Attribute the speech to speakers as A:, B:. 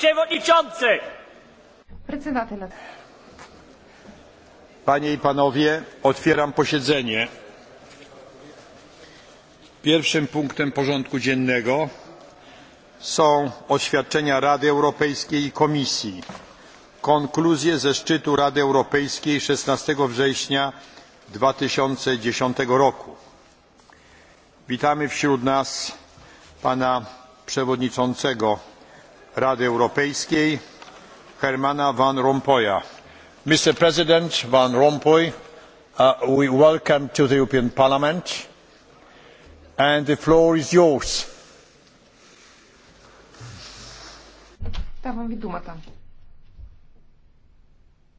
A: przewodniczący!
B: Panie i panowie, otwieram posiedzenie. Pierwszym punktem porządku dziennego są oświadczenia Rady Europejskiej i Komisji. Konkluzje ze szczytu Rady Europejskiej 16 września 2010 roku. Witamy wśród nas pana przewodniczącego Rady Europejskiej Hermana Van Rompuya. Mr. President Van Rompuy, we welcome you to the European Parliament and the floor is yours.